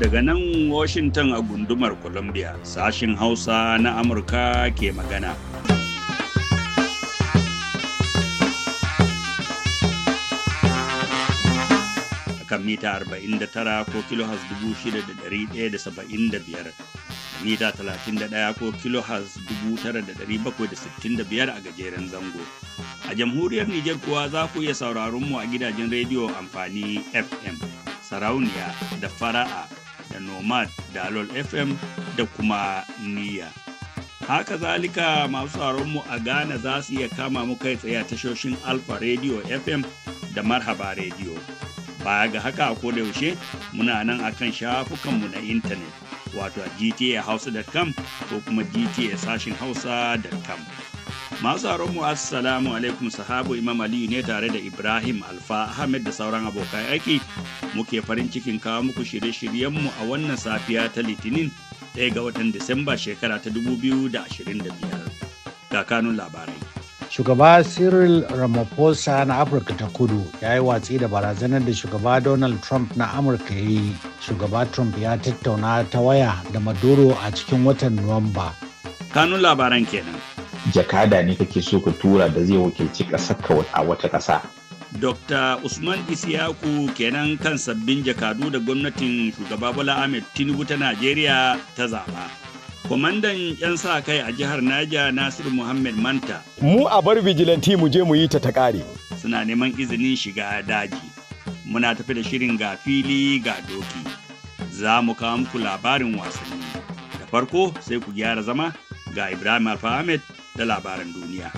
Daga nan Washington a gundumar Columbia, sashin Hausa na Amurka ke magana. kan mita 49 ko kilohas 6,175 mita 31 ko kilohas 9,765 a gajeren zango. A jamhuriyar Nijar kuwa za ku iya sauraron mu a gidajen rediyo amfani FM, Sarauniya da Fara'a da Nomad da Alol FM da kuma Niyya. Haka zalika masu sauraron mu a Ghana za su iya kama mu kai tsaye a tashoshin Alfa Radio FM da Marhaba Radio. Baya ga haka a yaushe muna nan akan shafukanmu na intanet wato a gtahausa.com ko kuma sashin Hausa.com. masu mu assalamu alaikum sahabu imam aliyu ne tare da ibrahim alfa ahmed da sauran abokai aiki muke farin cikin kawo muku shirye-shiryenmu a wannan safiya ta litinin ɗaya ga watan disamba shekara ta 2025 ga kanun labarai shugaba cyril ramaphosa na afirka ta kudu ya yi watsi da barazanar da shugaba donald trump na amurka ya yi shugaba trump ya tattauna ta waya da maduro a cikin watan nuwamba kanun labaran kenan jakada ne kake so ka tura da zai wakilci ƙasarka a wata ƙasa. Dr. Usman Isiyaku kenan kan sabbin jakadu da gwamnatin shugaba Bola Ahmed Tinubu ta Najeriya ta zaba. kwamandan 'yan sa kai a jihar Naja Nasiru Muhammad Manta. Mu a bar vigilanti mu je mu yi ta ta kare Suna neman izinin shiga daji. Muna tafi da shirin ga fili ga doki. Za mu kawo muku labarin wasanni. Da farko sai ku gyara zama ga Ibrahim Alfa Ahmed da labaran duniya.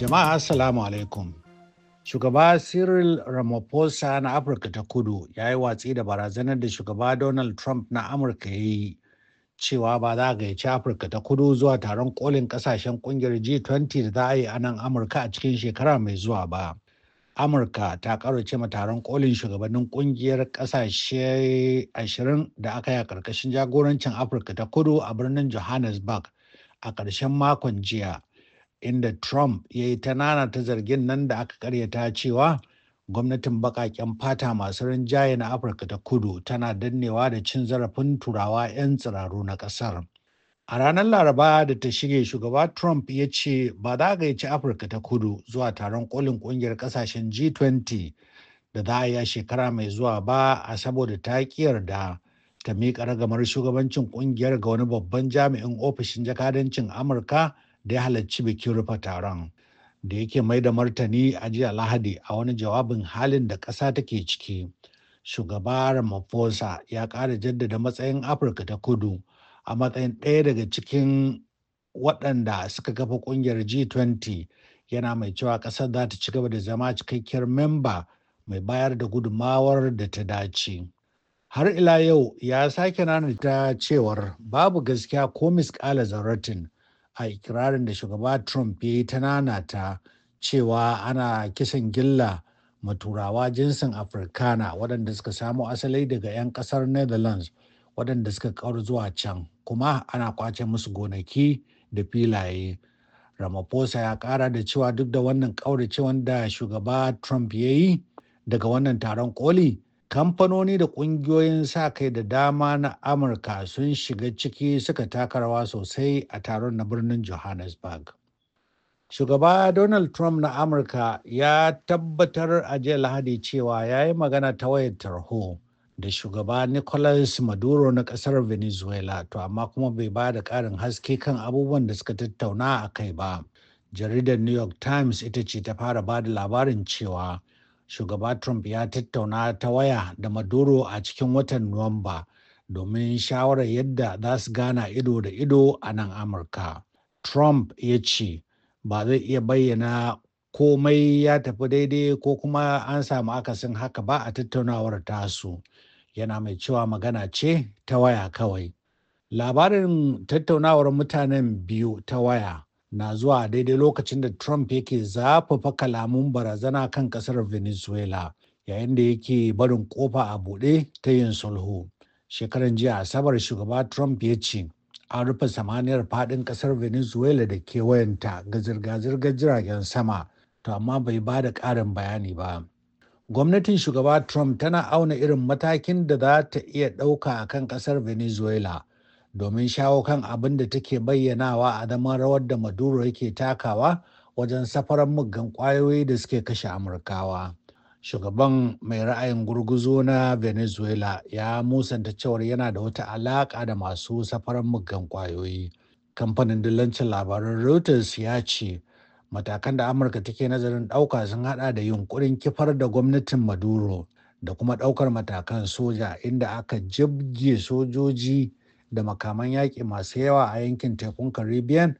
Jama'a Assalamu alaikum. Shugaba Cyril Ramaphosa na Afirka ta kudu ya yi watsi da barazanar da shugaba Donald Trump na Amurka ya yi cewa ba za a gayyaci Afirka ta kudu zuwa taron kolin kasashen kungiyar G20 da za a yi a nan Amurka a cikin shekara mai zuwa ba. amurka ta karoce ma taron kolin shugabannin kungiyar kasashe 20 da aka yi a karkashin jagorancin afirka ta kudu a birnin johannesburg a ƙarshen makon jiya inda trump ya yi ta nana ta zargin nan da aka karyata cewa gwamnatin baƙaƙen fata masu rinjaye na afirka ta kudu tana dannewa da cin zarafin turawa 'yan tsiraru na ƙasar A ranar Laraba da ta shige shugaba Trump ya ce ba za a gaici Afirka ta kudu zuwa taron kolin kungiyar kasashen G20 da za a yi shekara mai zuwa ba a saboda ta da ta miƙa ragamar shugabancin kungiyar ga wani babban jami'in ofishin jakadancin Amurka da ya halarci bikin rufe taron. Da yake mai da martani a jiya Lahadi a wani jawabin halin da ƙasa take ciki. Shugaba Ramaphosa ya ƙara jaddada matsayin Afirka ta kudu. a matsayin ɗaya daga cikin waɗanda suka kafa ƙungiyar G20 yana mai cewa ƙasar za ta ci gaba da zama cikakkiyar memba mai bayar da gudummawar da ta dace. Har ila yau ya sake ta cewar babu gaskiya ko miskala zauratin" a ikirarin da shugaba Trump ya yi ta nanata cewa ana kisan gilla maturawa jinsin Afrikana waɗanda suka samo asali daga 'yan ƙasar Netherlands waɗanda suka kawar zuwa can kuma ana kwace musu gonaki da filaye ramaphosa ya kara da cewa duk da wannan ƙauracewan da shugaba trump ya yi daga wannan taron koli kamfanoni da ƙungiyoyin sa kai da dama na amurka sun shiga ciki suka taka rawa sosai a taron na birnin johannesburg shugaba donald trump na amurka ya tabbatar a jiya lahadi cewa ya yi magana ta wayar tarho da shugaba nicolas maduro na kasar venezuela to amma kuma bai ba da karin haske kan abubuwan da suka tattauna a kai ba jaridar new york times ita ce ta fara ba da labarin cewa shugaba trump ya tattauna ta waya da maduro a cikin watan nuwamba domin shawarar yadda za su gana ido da ido a nan amurka trump ya ce ba zai iya bayyana komai ya tafi daidai ko kuma an samu akasin haka ba a tattaunawar tasu yana mai cewa magana ce ta waya kawai. Labarin tattaunawar mutanen biyu ta waya na zuwa daidai lokacin da Trump yake zafafa kalamun barazana kan kasar Venezuela yayin da yake barin kofa a buɗe ta yin sulhu. Shekaran jiya Asabar shugaba Trump ya ce an rufe samaniyar faɗin kasar Venezuela da kewayenta ga zirga-zirgar jiragen sama, to amma bai ba da ƙarin bayani ba. gwamnatin shugaba trump tana auna irin matakin da za ta iya ɗauka a kan ƙasar venezuela domin shawo kan abin da take bayyanawa a zaman rawar da maduro yake takawa wajen safarar muggan ƙwayoyi da suke kashe amurkawa shugaban mai ra'ayin gurguzo na venezuela ya musanta cewar yana da wata alaƙa da masu safarar muggan kwayoyi, kamfanin dillancin labaran reuters ya ce matakan da amurka take nazarin ɗauka sun hada da yunkurin kifar da gwamnatin maduro da kuma ɗaukar matakan soja inda aka jibge sojoji da makaman yaƙi masu yawa a yankin tekun caribbean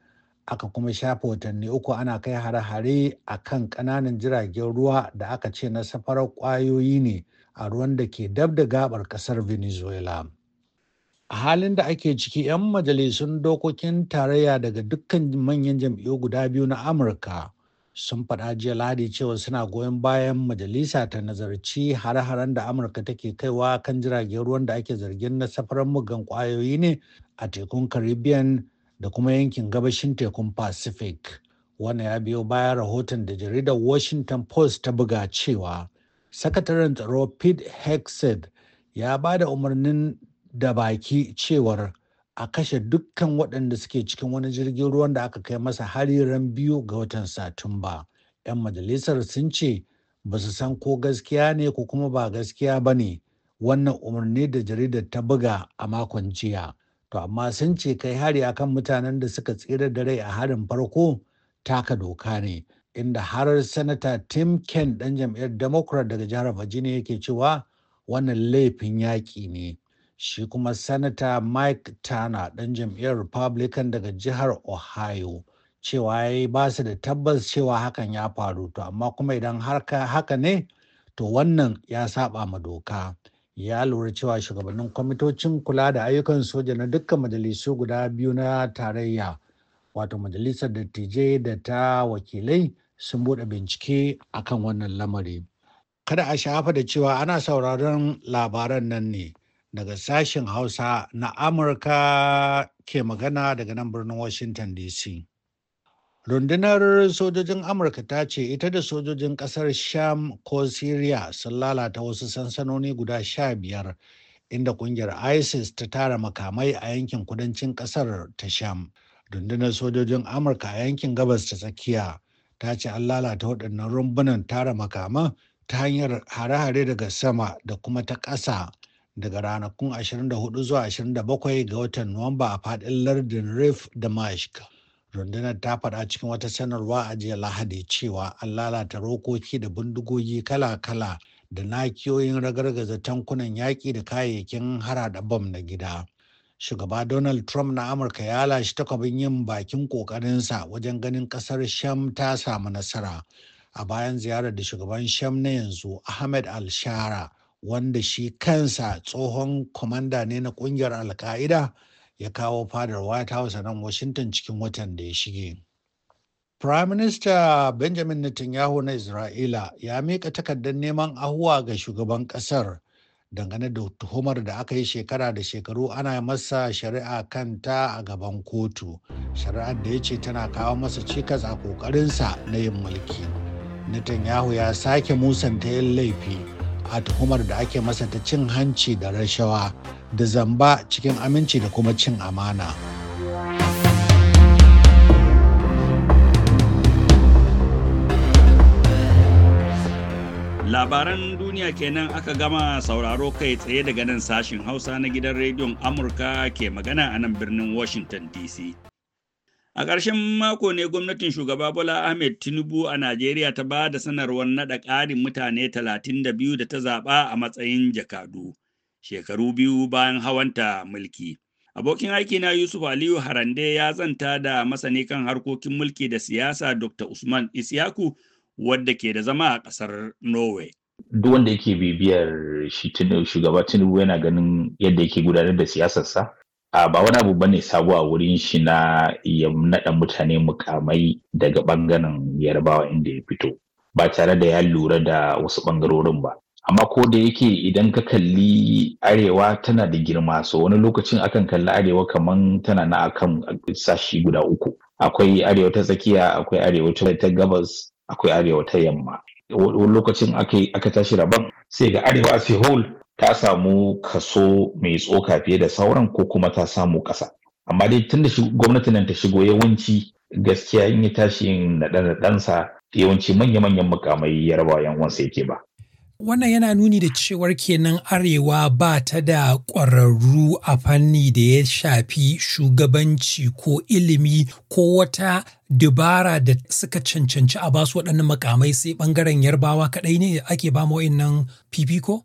aka kuma shafa watanni uku ana kai hare-hare a kan ƙananan jiragen ruwa da aka ce na safarar ƙwayoyi ne a ruwan da ke dab da gabar ƙasar venezuela A halin da ake ciki 'yan majalisun dokokin tarayya daga dukkan manyan jam'iyyu guda biyu na amurka sun faɗa jiya ladi cewa suna goyon bayan majalisa ta nazarci har haren da amurka take kaiwa kan jiragen ruwan da ake zargin na safarar mugan kwayoyi ne a tekun caribbean da kuma yankin gabashin tekun pacific wannan ya biyo bayan rahoton da jaridar washington post ta buga cewa sakataren tsaro pete hexed ya ba da umarnin da baki cewar a kashe dukkan waɗanda suke cikin wani jirgin ruwan da aka kai masa hari ran biyu ga watan satumba 'yan majalisar sun ce ba su san ko gaskiya ne ko kuma ba gaskiya ba ne wannan umarni da jaridar ta buga a makon jiya to amma sun ce kai hari akan mutanen da suka tsira da rai a harin farko taka doka ne inda harar sanata tim ken ɗan jam'iyyar democrat daga jihar virginia yake cewa wannan laifin yaƙi ne shi kuma sanata mike tana ɗan jam'iyyar republican daga jihar ohio cewa ya yi ba su da tabbas cewa hakan ya faru to amma kuma idan haka ne to wannan ya saba ma doka ya lura cewa shugabannin kwamitocin kula da ayyukan soja na dukkan majalisu guda biyu na tarayya wato majalisar dattijai da ta wakilai sun bude bincike akan wannan lamari kada a shafa da cewa ana sauraron labaran nan ne daga sashen Hausa na Amurka ke magana daga nan birnin Washington DC. Rundunar sojojin Amurka ta ce ita da sojojin ƙasar Sham ko Syria sun lalata wasu sansanoni guda sha biyar inda ƙungiyar ISIS ta tara makamai a yankin kudancin ƙasar ta Sham. Rundunar sojojin Amurka a yankin gabas ta tsakiya ta ce an lalata waɗannan rumbunan tara makaman ta hanyar hare-hare daga sama da kuma ta ƙasa daga ranakun 24 zuwa 27 ga watan Nuwamba a fadin lardin Rif da marsh Rundunar ta faɗa cikin wata sanarwa a jiya Lahadi cewa an lalata rokoki da bindigogi kala-kala da nakiyoyin ragargaza tankunan yaƙi da kayayyakin harada bom na gida. Shugaba Donald Trump na Amurka ya lashe takwabin yin bakin ƙoƙarinsa wajen ganin ƙasar Sham ta samu nasara. A bayan ziyarar da shugaban Sham na yanzu Ahmed Al-Shara wanda shi kansa tsohon kwamanda ne na kungiyar alka'ida ya kawo fadar white house nan washington cikin watan da ya shige prime minister benjamin netanyahu na isra'ila ya mika takardar neman ahuwa ga shugaban ƙasar dangane da tuhumar da aka yi shekara da shekaru ana masa shari'a kanta a gaban kotu shari'ar da ya ce tana kawo masa cikas a kokarinsa na yin mulki netanyahu ya sake musanta yin laifi a tuhumar da ake masa ta cin hanci da rashawa da zamba cikin aminci da kuma cin amana. Labaran duniya kenan aka gama sauraro kai tsaye daga nan sashin Hausa na gidan rediyon Amurka ke magana a nan birnin Washington DC. A ƙarshen mako ne gwamnatin shugaba Bola Ahmed Tinubu a Najeriya ta ba da sanarwar naɗa ƙarin mutane 32 da ta zaɓa a matsayin jakadu, shekaru biyu bayan hawanta mulki. Abokin aiki na Yusuf Aliyu Harande ya zanta da masani kan harkokin mulki da siyasa Dr. Usman Isyaku wadda ke da zama a ƙasar Norway. Duk wanda yake bibiyar shugaba Tinubu yana ganin yadda yake gudanar da siyasarsa. a ba wani abu bane sabo a wurin shi na ya naɗa mutane mukamai daga ɓangaren yarbawa inda ya fito ba tare da ya lura da wasu ɓangarorin ba amma ko da yake idan ka kalli arewa tana da girma so wani lokacin akan kalli arewa kaman tana na akan sashi guda uku akwai arewa ta tsakiya akwai arewa ta gabas akwai arewa ta yamma wani lokacin aka tashi rabon sai ga arewa sai hole ta samu kaso mai tsoka fiye da sauran ko kuma ta samu kasa amma dai tun da gwamnatin nan ta shigo yawanci gaskiya in ya tashi yin sa yawanci manya-manyan mukamai yarbawa yan uwansa yake ba wannan yana nuni da cewar kenan arewa ba ta da ƙwararru a fanni da ya shafi shugabanci ko ilimi ko wata dubara da suka cancanci a basu waɗannan makamai sai ɓangaren yarbawa kaɗai ne ake ba nan fifiko?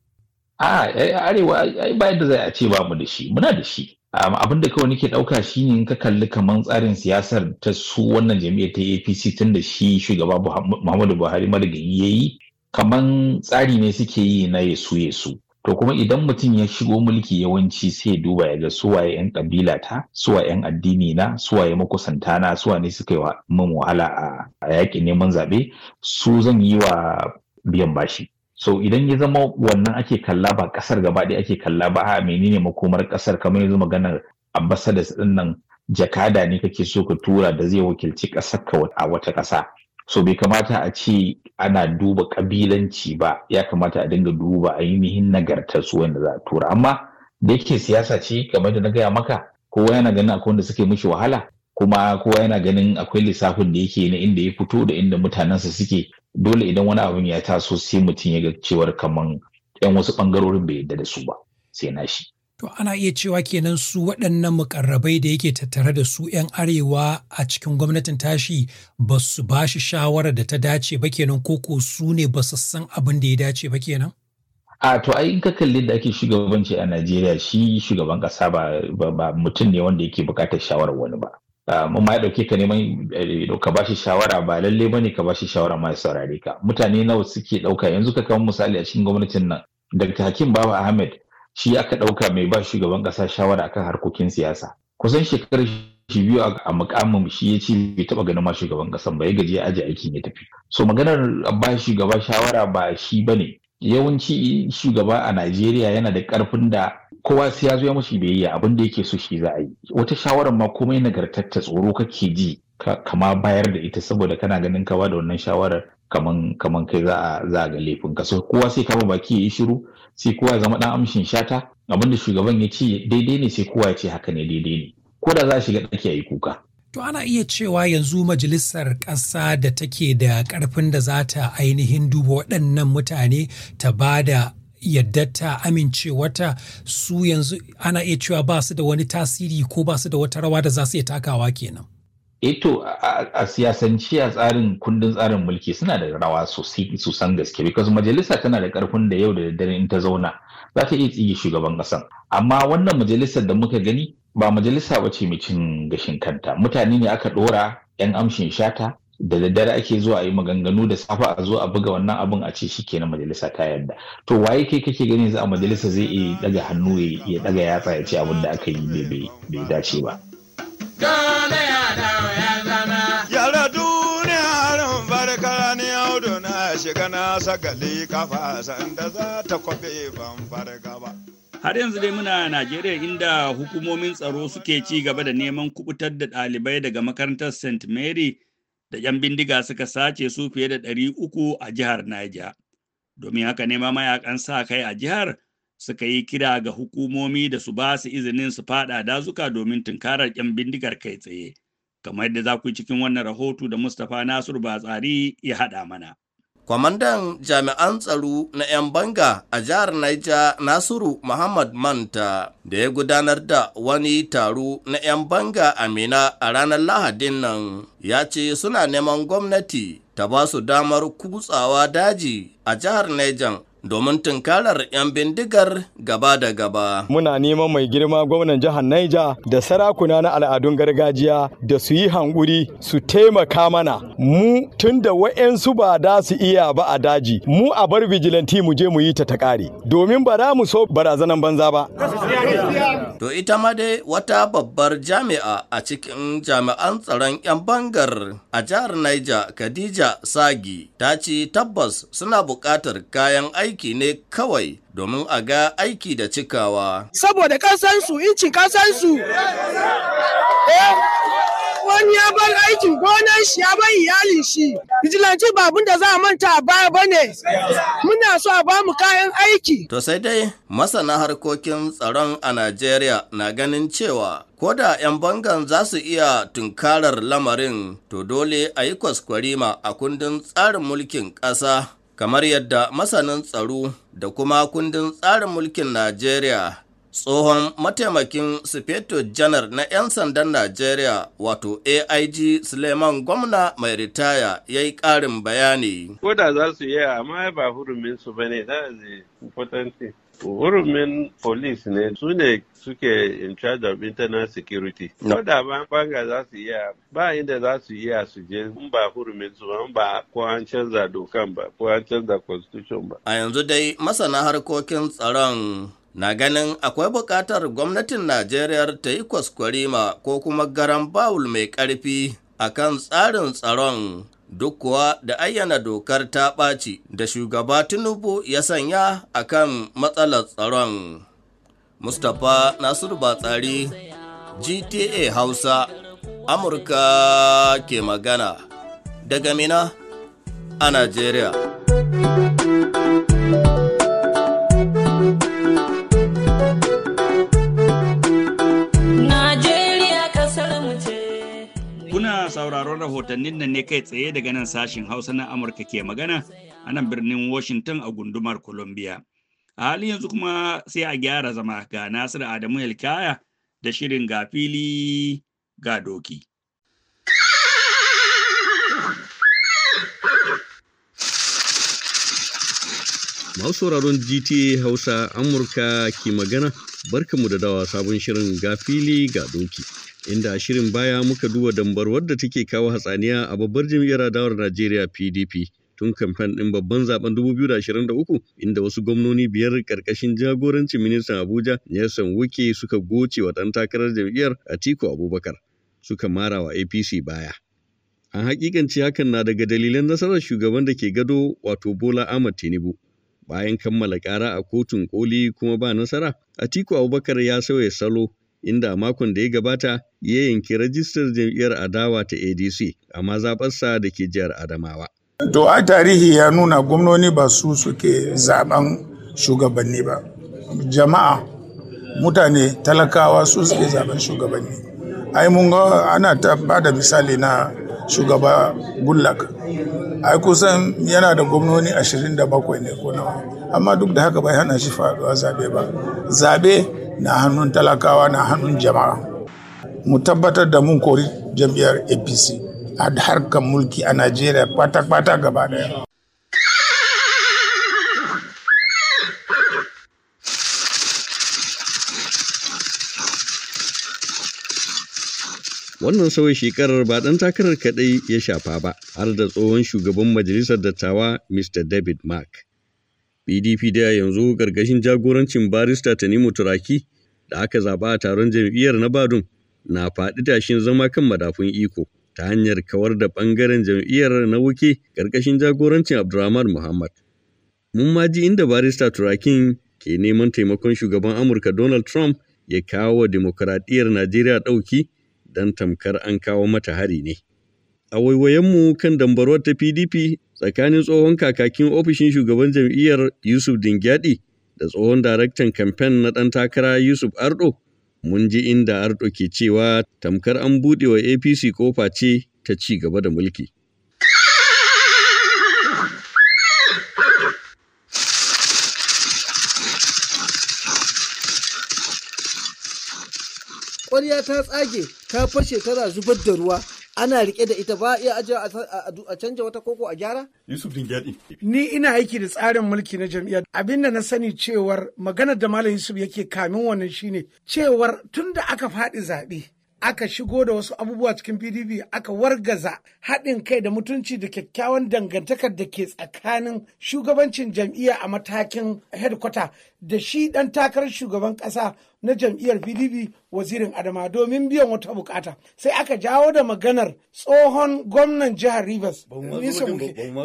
a arewa ai ba yadda zai a ce ba mu da shi muna da shi abin da kawai nake ɗauka shi ne ka kalli kamar tsarin siyasar ta su wannan jami'ar ta apc tun da shi shugaba muhammadu buhari marigayi ya yi kamar tsari ne suke yi na yesu yesu to kuma idan mutum ya shigo mulki yawanci sai ya duba ya ga suwaye 'yan kabila ta suwaye 'yan addini na suwaye makusanta na suwa ne suka yi min wahala a yaƙin neman zaɓe su zan yi wa biyan bashi so idan ya zama wannan ake kalla ba kasar gaba ɗaya ake kalla ba a menene makomar kasar kamar yanzu maganar ambassadors din nan jakada ne kake so ka tura da zai wakilci kasar ka a wata ƙasa so bai kamata a ce ana duba kabilanci ba ya kamata a dinga duba ainihin nagartar su wanda za a tura amma da yake siyasa ce kamar da na gaya maka kowa yana ganin akwai wanda suke mishi wahala kuma kowa yana ganin akwai lissafin da yake na inda ya fito da inda mutanensa suke dole idan wani abin ya taso sai mutum ya ga cewar kamar yan wasu bangarorin bai yadda da su ba sai na shi. To ana iya cewa kenan su waɗannan mukarrabai da yake tattare da su 'yan arewa a cikin gwamnatin tashi ba su ba shi shawara da ta dace ba kenan ko ko su ne ba su san abin da ya dace ba kenan? A to ai in ka kalli da ake shugabanci a Najeriya shi shugaban ƙasa ba mutum ne wanda yake bukatar shawarar wani ba. Ah, mun ma ya dauke ka neman eh, ka bashi shawara ba lalle ba ne ka bashi shawara ma ya saurare ka mutane nawa suke ɗauka yanzu ka kawo misali a cikin gwamnatin nan Dr. Hakim Baba Ahmed shi aka ɗauka mai ba shugaban kasa shawara akan harkokin siyasa kusan shekarar shi biyu a mukamin shi ya ce bai taɓa ganin ma shugaban ƙasan ba ya gaji ya aje aikin ya tafi so maganar ba shugaba shawara ba shi ba ne. yawanci shugaba a Najeriya yana da ƙarfin da kowa sai ya zo ya mashi biyayya abin da yake so shi za a yi wata shawarar ma komai nagartatta tsoro kake ji kama bayar da ita saboda kana ganin kawa da wannan shawarar kaman kaman kai za a za ga laifin ka so kowa sai kama baki ya yi shiru sai kowa ya zama dan amshin shata abin da shugaban ya ce daidai ne sai kowa ya ce haka ne daidai ne ko da za a shiga ɗaki a yi kuka To ana iya cewa yanzu majalisar ƙasa da take da ƙarfin da za ta ainihin duba waɗannan mutane ta ba da Yadda ta amincewata su yanzu ana iya cewa ba su da wani tasiri ko ba su da wata rawa da za su iya takawa kenan. Eto eh a siyasance a tsarin kundin tsarin mulki suna da rawa sosai san gaske because majalisa tana da karfin da yau da daddare in ta zauna za ta iya tsige shugaban kasan amma wannan majalisar da muka gani ba majalisa ba ce mai cin gashin kanta mutane ne aka dora yan amshin shata da daddare ake zuwa a yi maganganu da safa a zo a buga wannan abin a ce shi ke na majalisa ta yarda to waye kai kake gani za a majalisa zai iya daga hannu ya daga ya ya ce abin da aka yi bai dace ba yara duniya audu na shiga na sakali kafa sanda za ta kwabe ban ba har yanzu dai muna Najeriya inda hukumomin tsaro suke ci gaba da neman kubutar da ɗalibai daga makarantar St. Mary da 'yan bindiga suka sace su fiye da ɗari uku a jihar Naija, Domin haka ne ma mayakan sa kai a jihar suka yi kira ga hukumomi da su ba su izinin su faɗa dazuka domin tunkarar 'yan bindigar kai tsaye. Kamar yadda za ku yi cikin wannan rahoto da Mustapha Nasiru Batsari ya haɗa mana. kwamandan jami'an tsaro na 'yan banga a jihar Niger Nasiru Muhammad Manta da ya gudanar da wani taro na 'yan banga a Mina a ranar Lahadin nan ya ce suna neman gwamnati ta ba su damar kutsawa daji a jihar Niger domin tunkarar 'yan bindigar gaba da gaba. Muna neman mai girma gwamnan jihar Naija da sarakuna na al'adun gargajiya da su yi hanguri su taimaka mana mu tun da wa'yansu ba da su iya ba a daji mu a bar vigilanti mu je mu yi ta ta kare domin ba za mu so barazanan banza ba. To ita ma dai wata babbar jami'a a cikin jami'an tsaron 'yan bangar a jihar Naija Khadija Sagi ta ce tabbas suna buƙatar kayan aiki aiki ne kawai domin a ga aiki da cikawa. Saboda kasansu, incin kasansu. Eh, wani ya bar aikin gonan shi ya bar iyalin shi bijilanci babun da za a manta a baya ne, muna so a bamu kayan aiki to sai dai masana harkokin tsaron a Najeriya na ganin cewa ko da 'yan bangan za su iya tunkarar lamarin to dole a yi kwaskwarima a kundin tsarin mulkin ƙasa kamar yadda masanin tsaro da kuma kundin tsarin mulkin Najeriya tsohon mataimakin sufeto janar na 'yan sandan Najeriya wato AIG Suleiman gwamna mai ritaya ya yi ƙarin bayani. Koda da za su yi amma ba hurumin su ba ne hurumin police ne su ne suke in charge of internal security. No. da ba banga za su iya ba inda za su iya su je in ba hurumin su ba ko an canza dokan ba ko an canza constitution ba. A yanzu dai masana harkokin tsaron na ganin akwai buƙatar gwamnatin Najeriya ta yi kwaskwari ma ko kuma garan bawul mai ƙarfi akan tsarin tsaron duk kuwa da ayyana dokar ta ɓaci da shugaba Tinubu ya sanya a kan matsalar tsaron. Mustapha Nasiru Batsari, GTA Hausa, Amurka ke magana, daga Mina a Najeriya. sauraron rahotannin nan ne kai tsaye daga nan sashin Hausa na Amurka ke magana a nan birnin Washington a gundumar Columbia. A halin yanzu kuma sai a gyara zama ga Nasiru Adamu Hilkaya da shirin ga fili ga doki. Masu sauraron GT Hausa Amurka ke magana, barkamu da dawa sabon shirin ga ga doki. inda a shirin baya muka duba dambarwar da take kawo hatsaniya a babbar jam'iyyar adawar Najeriya PDP tun kamfen ɗin babban zaben 2023 inda wasu gwamnoni biyar karkashin jagorancin ministan Abuja Nelson Wuke suka goce wa ɗan takarar jam'iyyar Atiku Abubakar suka mara wa APC baya. An hakikanci hakan na daga dalilan nasarar shugaban da ke gado wato Bola Ahmad Tinubu. Bayan kammala ƙara a kotun koli kuma ba nasara, Atiku Abubakar ya sauya salo inda makon da ya gabata ya yanki rajistar jam'iyyar adawa ta ADC a zaɓarsa da ke jihar Adamawa. To a tarihi ya nuna gwamnoni ba su suke zaben shugabanni ba. Jama'a mutane talakawa su suke zaben shugabanni. Ai mun ga ana ta bada misali na shugaba Gullak. Ai kusan yana da gwamnoni 27 ne ko nawa. Amma duk da haka bai hana shi faɗuwa zaɓe ba. zaɓe. na hannun talakawa na hannun jama'a mu tabbatar da mun kori jam'iyyar apc a harkar mulki a najeriya kwata-kwata gaba daya wannan sauyin shekarar ba ɗan takarar kaɗai ya shafa ba har da tsohon shugaban majalisar dattawa mr david mark PDP da yanzu gargashin jagorancin barista Tanimu Turaki da aka zaba a taron jam'iyyar na Badun na faɗi tashin zama kan madafun iko ta hanyar kawar da ɓangaren jam'iyyar na wuke gargashin jagorancin Abdulrahman Muhammad. Mun ma ji inda barista Turakin ke neman taimakon shugaban Amurka Donald Trump ya kawo wa dimokuraɗiyyar Najeriya ɗauki don tamkar an kawo mata hari ne. A waiwayenmu kan dambarwar ta PDP tsakanin tsohon kakakin ofishin shugaban jam'iyyar Yusuf Dingyadi da tsohon daraktan kamfen na ɗan takara Yusuf Ardo, mun ji inda Ardo ke cewa tamkar an buɗe wa APC kofa ce ta ci gaba da mulki. Ƙwarya ta tsage, ta fashe tana zubar da ruwa. ana rike da ita ba iya ajiye a canja wata koko a gyara? Yusuf Dingyadi. Ni ina aiki da tsarin mulki na Abin da na sani cewar maganar da Malam Yusuf yake kamin wannan shine cewar tunda aka faɗi zaɓe aka shigo da wasu abubuwa cikin pdp aka wargaza haɗin kai da mutunci da kyakkyawan dangantakar da ke tsakanin shugabancin jam'iyya a matakin headquarter da shi ɗan takarar shugaban ƙasa na jam'iyyar pdp wazirin adama domin biyan wata bukata sai aka jawo da maganar tsohon gwamnan jihar rivers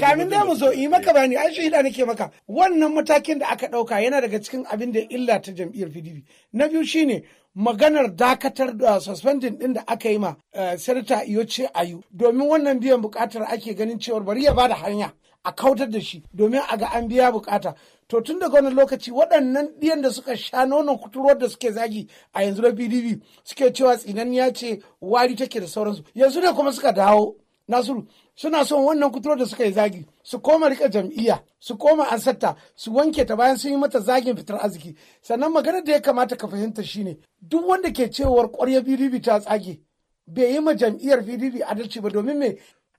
kamin da mu zo yi maka bani an da nake maka wannan matakin da aka dauka yana daga cikin abin da illa ta jam'iyyar pdp na biyu shine maganar dakatar da suspending din da aka yi ma eh, sanata iyoce ayu domin wannan biyan bukatar ake ganin cewar bari ya bada hanya a kautar da shi domin a ga an biya bukata to tun daga wani lokaci waɗannan ɗiyan da suka sha nonon kuturwar da suke zagi a yanzu na pdp suke cewa tsinanniya ce wari take da sauransu yanzu ne kuma suka dawo nasiru suna son wannan kuturwar da suka yi zagi su koma rika jam'iyya su koma ansarta su wanke ta bayan sun yi mata zagin fitar arziki sannan maganar da ya kamata ka fahimta shine duk wanda ke cewar ƙwarya pdp ta tsage bai yi ma jam'iyyar pdp adalci ba domin me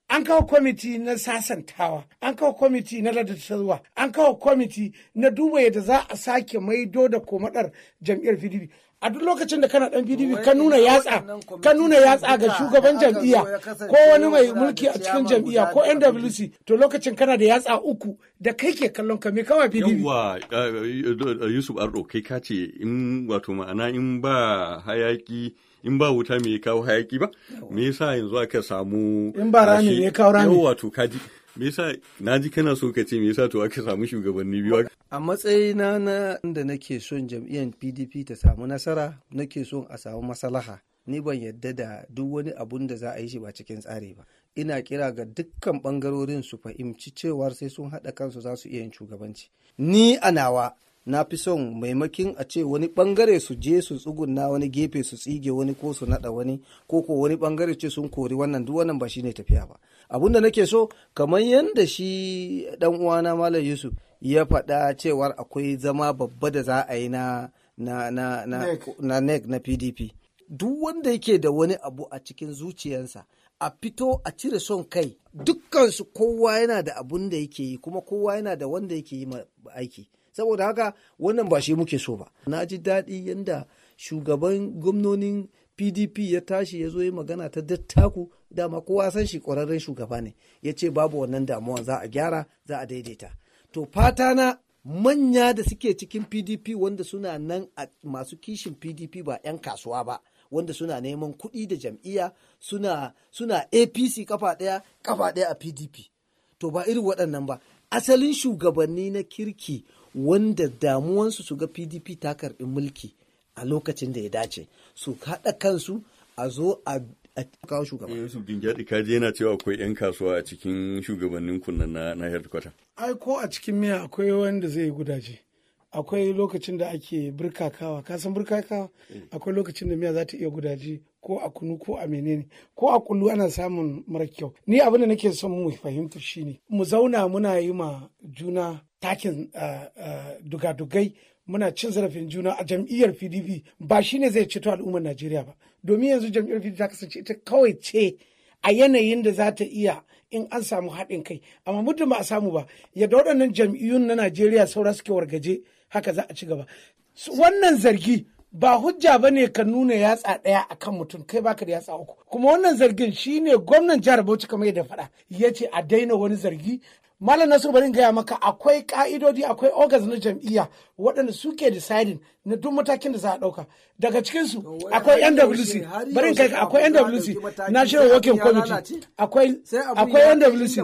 an kawo kwamiti na sasantawa an kawo kwamiti na ladatarwa an kawo kwamiti na duba yadda za a sake maido da komadar jam'iyyar pdp a duk lokacin da kana dan pdp ka nuna yatsa ka nuna yatsa ga shugaban jam'iyya ko wani mai mulki a cikin jam'iyya ko nwc to lokacin kana da yatsa uku da kai ke kallon ka mai kawai pdp yawa eh, eh, yusuf ardo kai ka ce in wato ma'ana in ba hayaki in ba wuta me ya kawo hayaki ba me yasa yanzu aka samu in ba rami ne kawo rami kaji me yasa naji kana so ka ce me yasa to aka samu shugabanni biyu a matsayi na da nake son jam'iyyar PDP ta samu nasara nake son a samu maslaha ni ban yadda da duk wani abun da za a yi shi ba cikin tsari ba ina kira ga dukkan bangarorin su fahimci cewar sai sun haɗa kansu za su iya yin shugabanci ni a nawa na fi son maimakin a ce wani bangare su je su tsugunna wani gefe su tsige wani ko su nada wani ko ko wani bangare ce sun kori wannan duk wannan ba shine tafiya ba abun da nake so kamar yadda shi dan uwana malam yusuf ya faɗa cewar akwai zama babba da za a yi na na na na e na nec na pdp duk wanda yake da wani abu a cikin zuciyarsa a fito a cire son kai dukkansu kowa yana da abun da yake yi kuma kowa yana da wanda yake yi aiki saboda haka wannan ba shi muke so ba na ji daɗi yadda shugaban gwamnonin pdp ya tashi ya zo yi magana ta dattaku dama kowa san shi ƙwararren shugaba ne ya ce babu wannan damuwa za a gyara za a daidaita to fata na manya da suke cikin pdp wanda suna nan a masu kishin pdp ba 'yan kasuwa ba wanda suna neman kuɗi da jam'iyya suna, suna apc kafa ɗaya kafa ɗaya a pdp to ba irin waɗannan ba asalin shugabanni na kirki wanda damuwansu su ga pdp ta karbi mulki a lokacin da ya dace su haɗa kansu a zo a kawo shugaba. Eh, Yusuf Dingyadi kaji yana cewa akwai 'yan kasuwa a cikin shugabannin kunna na headquarter. Ai ko a cikin miya akwai wanda zai yi gudaje. akwai lokacin da ake birkakawa kasan birkakawa mm. akwai lokacin da miya za ta iya gudaji ko a kunu ko a menene ko a kullu ana samun mara kyau ni abin da nake son mu fahimta shine mu zauna muna yi ma juna takin ah, ah, dugadugai muna cin zarafin juna a jam'iyyar pdp ba shine zai ceto al'ummar najeriya ba domin yanzu jam'iyyar pdp ta kasance ita kawai ce a yanayin da za ta iya in an samu haɗin kai amma muddin ba a samu ba yadda waɗannan jam'iyyun na najeriya saura suke wargaje haka za a ci gaba wannan zargi ba hujja ba ne ka nuna yatsa ɗaya a kan mutum kai baka da yatsa uku kuma wannan zargin shi ne gwamnan jihar bauchi kamar yadda faɗa ya ce a daina wani zargi Malam Nasir bari gaya maka akwai ka'idodi akwai organs na jam'iyya waɗanda suke deciding na duk matakin da za a ɗauka. Daga cikinsu akwai NWC bari kai akwai NWC National Working Committee akwai akwai NWC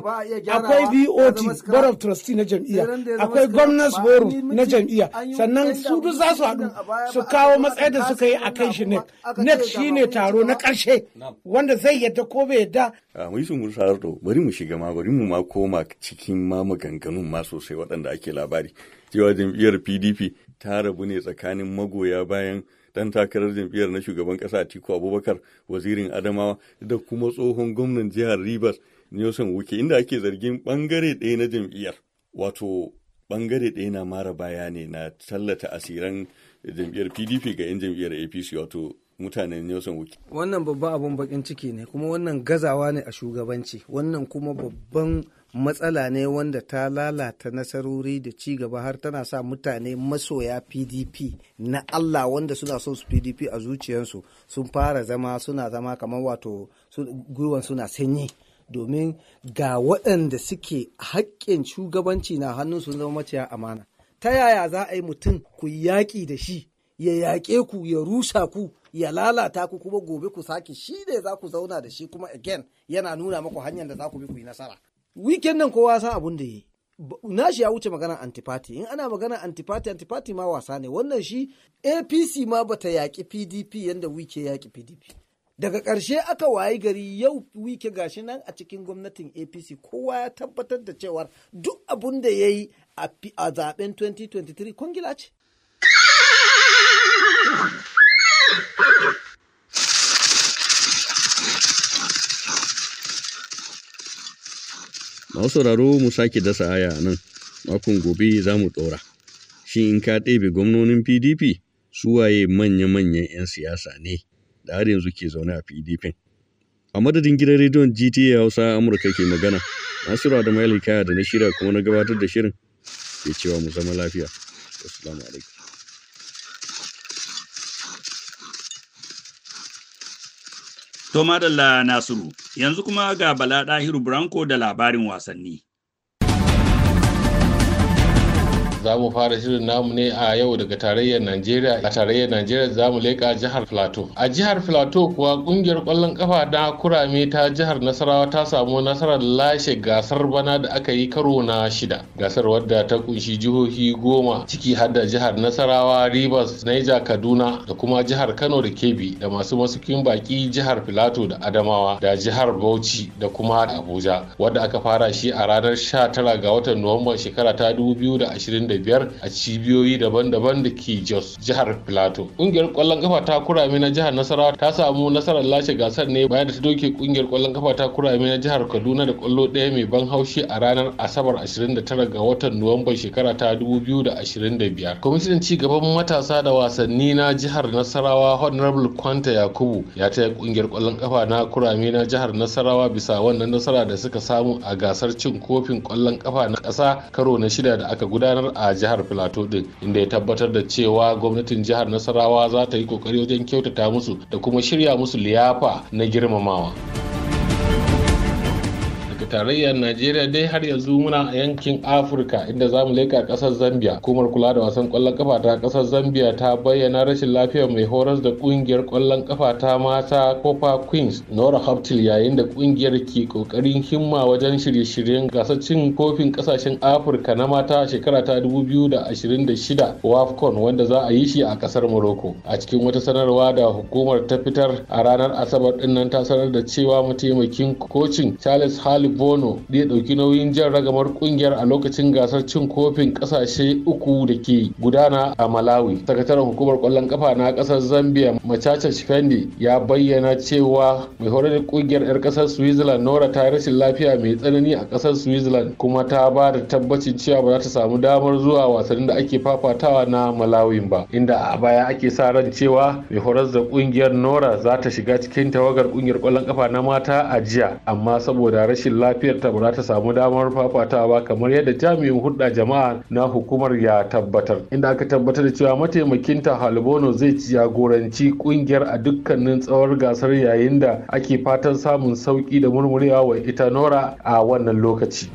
akwai BOT Board of Trustee na jam'iyya akwai Governors Forum na jam'iyya sannan su duk za su haɗu su kawo matsayar da suka yi a kan shi NEC. NEC shine taro na ƙarshe wanda zai yadda ko bai yadda. Ah, mu yi sun bari mu shiga ma bari mu ma koma ciki cikin ma maganganun ma sosai waɗanda ake labari cewa jam'iyyar pdp ta rabu ne tsakanin magoya bayan ɗan takarar jam'iyyar na shugaban ƙasa atiku abubakar wazirin adamawa da kuma tsohon gwamnan jihar rivers nelson wuke inda ake zargin ɓangare ɗaya na jam'iyyar wato ɓangare ɗaya na mara baya ne na tallata asiran jam'iyyar pdp ga 'yan jam'iyyar apc wato mutanen Nelson Wiki. Wannan babban abun bakin ciki ne kuma wannan gazawa ne a shugabanci wannan kuma babban matsala ne wanda ta lalata nasarori da ci gaba har tana sa mutane masoya pdp na allah wanda suna son su pdp a zuciyarsu sun fara zama suna zama kamar wato gwiwan suna sanyi domin ga waɗanda suke haƙƙin shugabanci na hannun sun zama maciya amana ta yaya za a yi mutum ku yaƙi da shi ya yaƙe ku ya rusa ku ya lalata ku kuma gobe ku sake shi ne za ku zauna da shi kuma again yana nuna maku hanyar da za ku bi ku yi nasara weekend nan kowa san abun da yi nashi ya wuce magana antipati in ana magana antipati antipati ma wasa ne wannan shi apc ma bata yaƙi pdp yadda wike yaƙi pdp daga ƙarshe aka wayi gari yau wike gashi nan a cikin gwamnatin apc kowa ya tabbatar da cewar duk abun da ya yi a zaben 2023 kwangila ce masu sauraro mu sake dasa aya nan makon gobe za mu ɗora Shin in ka ɗebe gwamnonin pdp suwaye manya-manyan 'yan siyasa ne da har yanzu ke zaune a pdp a madadin gidan rediyon gta hausa amurka ke magana nasiru adamu kaya da na shirya kuma na gabatar da shirin ke cewa mu zama lafiya assalamu alaikum To Madalla Nasiru, yanzu kuma ga Bala Ɗahiru Branko da labarin wasanni. Za mu fara shirin namu ne a yau daga tarayyar Najeriya. A tarayyar Najeriya za mu leƙa jihar Filato. A jihar Filato kuwa ƙungiyar ƙwallon ƙafa na Kurame ta jihar Nasarawa ta samu nasarar lashe gasar bana da aka yi karo na shida. Gasar wadda ta kunshi jihohi goma ciki har da jihar Nasarawa, Rivers, Niger, Kaduna da kuma jihar Kano da Kebbi da masu masukin baki jihar Filato da Adamawa da jihar Bauchi da kuma Abuja wadda aka fara shi a ranar 19 ga watan Nuwamban shekara ta 2020 25 a cibiyoyi daban-daban da ke Jos jihar Plateau. ƙungiyar kwallon kafa ta kurame na jihar Nasarawa ta samu nasarar lashe gasar ne bayan da ta doke kungiyar kwallon kafa ta kurame na jihar Kaduna da kwallo ɗaya mai ban haushi a ranar Asabar 29 ga watan Nuwamban shekara ta 2025. Kwamishinan ci gaban matasa da wasanni na jihar Nasarawa Honorable Kwanta Yakubu ya taya ƙungiyar kwallon kafa na kurame na jihar Nasarawa bisa wannan nasara da suka samu a gasar cin kofin ƙwallon kafa na ƙasa karo na shida da aka gudanar a jihar Filato din inda ya tabbatar da cewa gwamnatin jihar Nasarawa za ta yi kokari wajen kyautata musu da kuma shirya musu liyafa na girmamawa. tarayyar najeriya dai har yanzu muna a yankin afirka inda za mu leka kasar zambia hukumar kula da wasan kwallon kafa ta kasar zambia ta bayyana rashin lafiya mai horas da kungiyar kwallon kafa ta mata copa queens nora haftil yayin da kungiyar ke kokarin himma wajen shirye-shiryen gasar cin kofin kasashen afirka na mata shekara ta 2026 wafcon wanda za a yi shi a kasar morocco a cikin wata sanarwa da hukumar ta fitar a ranar asabar dinnan ta sanar da cewa mataimakin kocin charles halib bono da ya ɗauki nauyin jan ragamar kungiyar a lokacin gasar cin kofin ƙasashe uku da ke gudana a malawi sakataren hukumar ƙwallon kafa na ƙasar zambia macaca shifendi ya bayyana cewa mai horar da kungiyar 'yar ƙasar switzerland nora ta yi rashin lafiya mai tsanani a ƙasar switzerland kuma ta ba da tabbacin cewa ba za ta samu damar zuwa wasannin da ake fafatawa na malawi ba inda a baya ake sa ran cewa mai horar da kungiyar nora za ta shiga cikin tawagar kungiyar ƙwallon kafa na mata a jiya amma saboda rashin lafiya lafiyar ta ba ta samu damar fafatawa kamar yadda jami'in hulɗa jama'a na hukumar ya tabbatar inda aka tabbatar da cewa mataimakinta halbono zai jagoranci kungiyar a dukkanin tsawar gasar yayin da ake fatan samun sauki da murmurewa wa ita nora a wannan lokaci.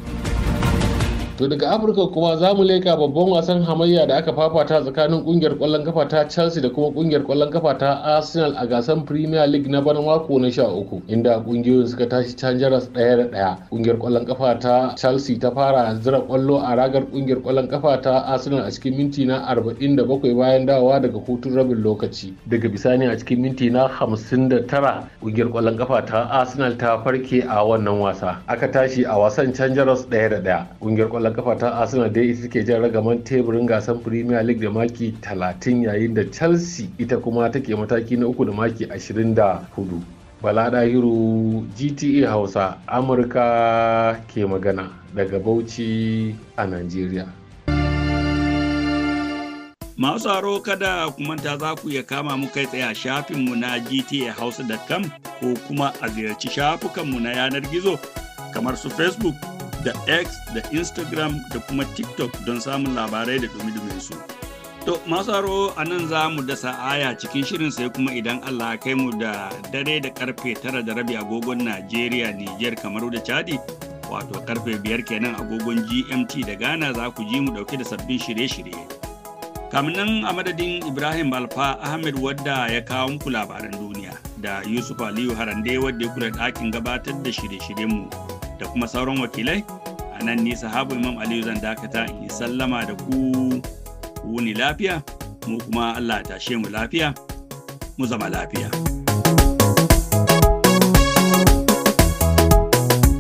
to daga afirka kuma za mu leka babban wasan hamayya da aka fafata tsakanin kungiyar kwallon kafa ta chelsea da kuma kungiyar kwallon kafa ta arsenal a gasar premier league na bana mako na sha uku inda kungiyoyin suka tashi can jaras daya da daya. kungiyar kwallon kafa ta chelsea ta fara zira kwallo a ragar kungiyar kwallon kafa ta arsenal a cikin minti na 47 bayan dawowa daga hutun rabin lokaci daga bisani a cikin minti na 59 kungiyar kwallon kafa ta arsenal ta farke a wannan wasa aka tashi a wasan can jaras daya da daya ƙwallon kafa ta Arsenal dai ita take jan ragaman teburin gasar Premier League da maki 30 yayin da Chelsea ita kuma take mataki na uku da maki 24. Bala Dahiru GTA Hausa Amurka ke magana daga Bauchi a Najeriya. Masu aro kada kumanta za ku iya kama mu kai tsaye a shafinmu na gta kam ko kuma a ziyarci shafukanmu na yanar gizo kamar su Facebook, da X da Instagram da kuma TikTok don samun labarai da dumi su. To, masu haro a nan za mu dasa aya cikin shirin sai kuma idan Allah kai mu da dare da karfe tara da rabi agogon Najeriya, Nijar, kamar da Chadi, wato karfe biyar kenan agogon GMT da Ghana za ku ji mu dauke da sabbin shirye-shirye. kamin a madadin ibrahim alfa ahmed wadda ya kawo muku labaran duniya da yusuf aliyu harande wadda ya kula ɗakin gabatar da shirye-shiryenmu da kuma sauran wakilai a nan ne sahabu imam aliyu zan dakata in sallama da ku wuni lafiya mu kuma allah tashe mu lafiya mu zama lafiya.